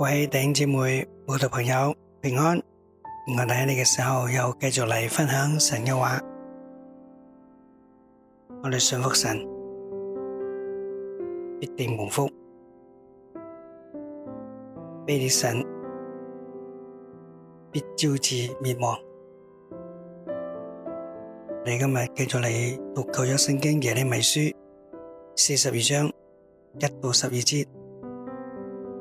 各位弟兄姊妹、慕道朋友平安，我哋喺呢個時候又繼續嚟分享神嘅話，我哋信服神必定蒙福，背逆神必招致滅亡。你今日繼續嚟讀舊約聖經嘅耶利米書四十二章一到十二節。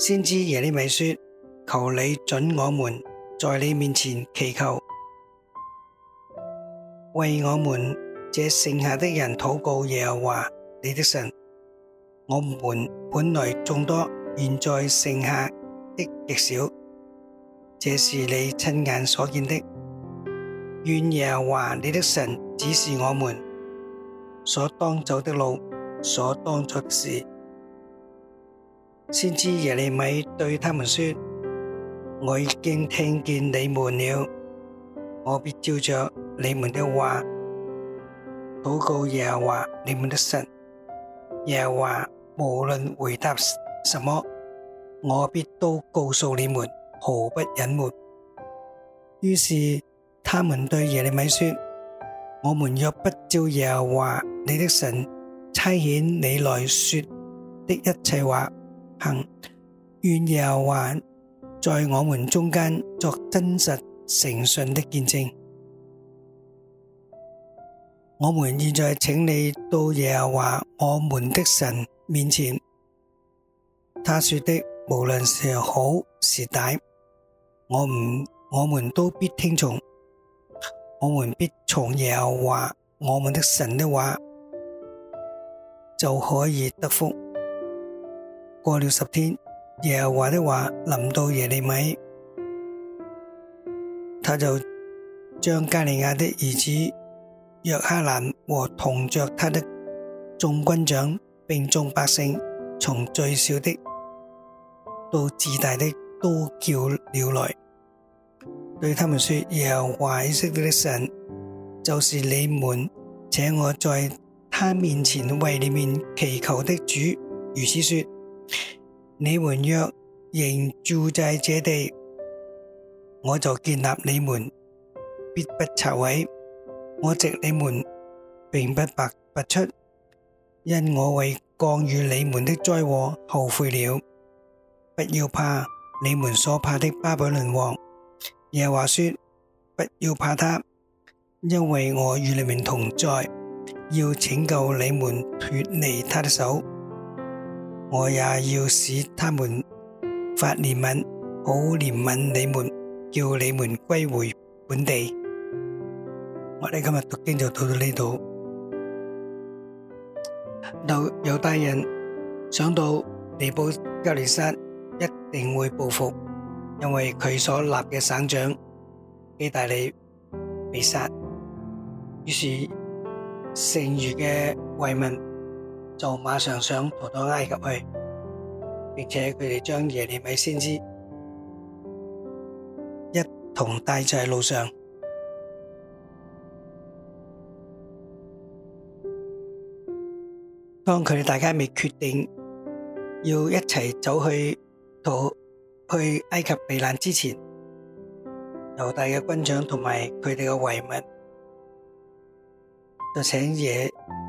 先知耶利米說：求你准我們，在你面前祈求，為我們這剩下的人禱告。耶和華你的神，我們本來眾多，現在剩下的極少，這是你親眼所見的。願耶和華你的神指示我們所當走的路，所當做的事。先知耶利米對他們說：我已經聽見你們了，我必照着你們的話禱告耶和華你們的神。耶和華無論回答什麼，我必都告訴你們，毫不隱瞞。於是他們對耶利米說：我們若不照耶和華你的神差遣你來說的一切話，行願耶和華在我們中間作真實誠信的見證。我們現在請你到耶和華我們的神面前。他說的無論是好是歹，我唔我們都必聽從。我們必從耶和華我們的神的話，就可以得福。過了十天，耶和華的話臨到耶利米，他就將加利亞的兒子約哈蘭和同着他的眾軍長，並眾百姓，從最小的到自大的，都叫了來，對他們說：耶和華以色列的神就是你們請我在他面前為你們祈求的主。如此說。你們若仍住在這地，我就建立你們，必不拆毀；我藉你們，並不拔拔出，因我為降與你們的災禍後悔了。不要怕你們所怕的巴比倫王，耶和華說：不要怕他，因為我與你們同在，要拯救你們脫離他的手。我也要使他們發憐憫，好憐憫你們，叫你們歸回本地。我哋今日讀經就讀到呢度。猶，猶太人想到尼布甲尼撒一定會報復，因為佢所立嘅省長基大利被殺，於是剩餘嘅遺民，就馬上想逃到埃及去，並且佢哋將耶利米先知一同帶在路上。當佢哋大家未決定要一齊走去逃去埃及避難之前，猶大嘅軍長同埋佢哋嘅遺民就請嘢。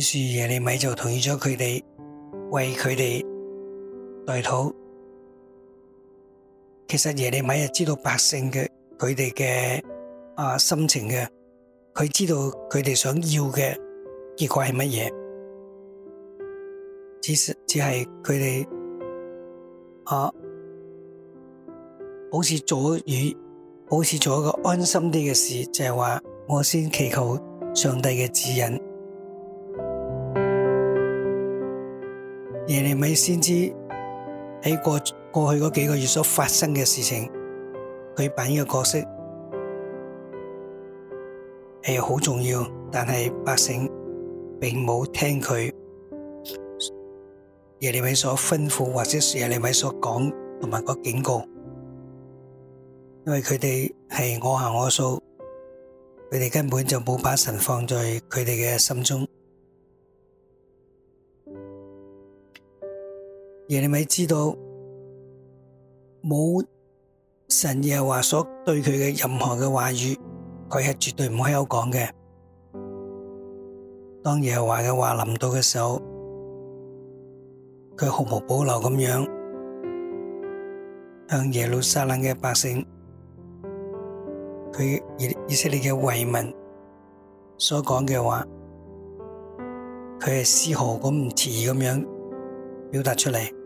於是耶利米就同意咗佢哋為佢哋代禱。其實耶利米就知道百姓嘅佢哋嘅啊心情嘅，佢知道佢哋想要嘅結果係乜嘢，只是只係佢哋啊，好似做與好似做一個安心啲嘅事，就係話我先祈求上帝嘅指引。耶利米先知喺過過去嗰幾個月所發生嘅事情，佢扮演嘅角色係好重要，但係百姓並冇聽佢耶利米所吩咐，或者耶利米所講同埋個警告，因為佢哋係我行我素，佢哋根本就冇把神放在佢哋嘅心中。耶利米知道冇神耶華所對佢嘅任何嘅話語，佢係絕對唔可以講嘅。當耶華嘅話臨到嘅時候，佢毫無保留咁樣向耶路撒冷嘅百姓，佢以色列嘅遺民所講嘅話，佢係絲毫咁唔遲疑咁樣表達出嚟。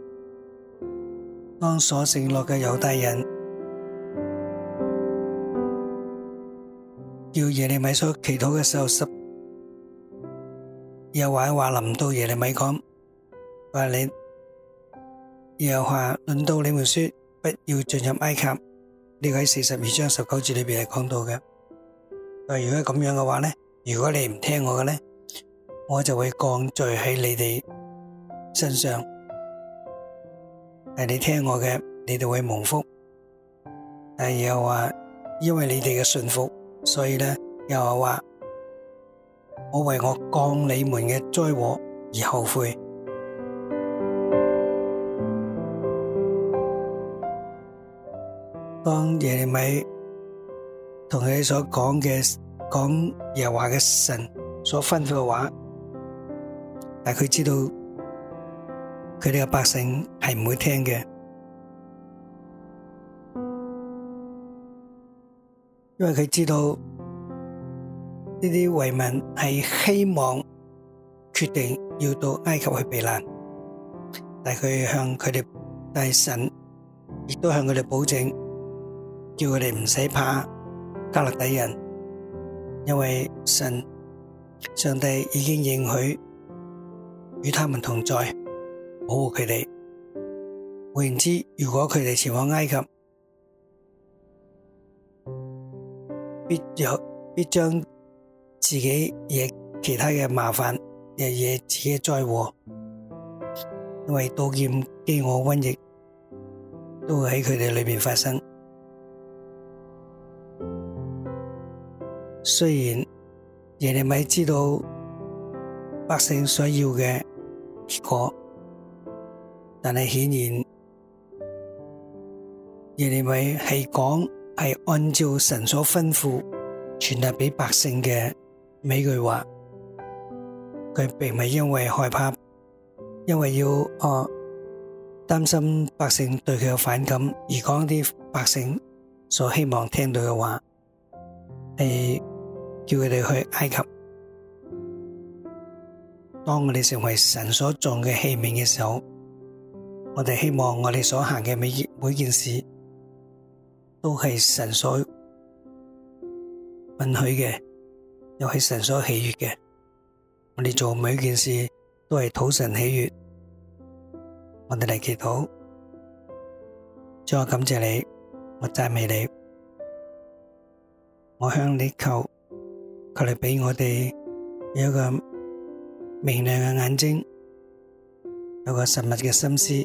當所承諾嘅猶大人，叫耶利米所祈禱嘅時候，又話，話臨到耶利米講，話你又話輪到你們說，不要進入埃及呢個，喺四十二章十九節裏邊係講到嘅。話如果係咁樣嘅話咧，如果你唔聽我嘅咧，我就會降罪喺你哋身上。但你聽我嘅，你就會蒙福。但又話，因為你哋嘅信服，所以呢又話，我為我降你們嘅災禍而後悔。當耶利米同佢所講嘅講耶和華嘅神所吩咐嘅話，但係佢知道。佢哋嘅百姓係唔會聽嘅，因為佢知道呢啲遺民係希望決定要到埃及去避難，但係佢向佢哋但係神亦都向佢哋保證，叫佢哋唔使怕迦勒底人，因為神上帝已經應許與他們同在。保護佢哋，換言之，如果佢哋前往埃及，必有必將自己惹其他嘅麻煩日夜，自己災禍，因為刀劍、饑餓、瘟疫都會喺佢哋裏面發生。雖然耶利米知道百姓所要嘅結果。但係顯然，耶利米係講係按照神所吩咐傳達俾百姓嘅每句話，佢並唔係因為害怕，因為要啊擔心百姓對佢嘅反感而講啲百姓所希望聽到嘅話，係叫佢哋去埃及。當我哋成為神所造嘅器皿嘅時候。我哋希望我哋所行嘅每件每件事，都係神所允許嘅，又係神所喜悦嘅。我哋做每件事都係討神喜悦。我哋嚟祈禱，再感謝你，我讚美你，我向你求，求你俾我哋有一個明亮嘅眼睛，有一個神秘嘅心思。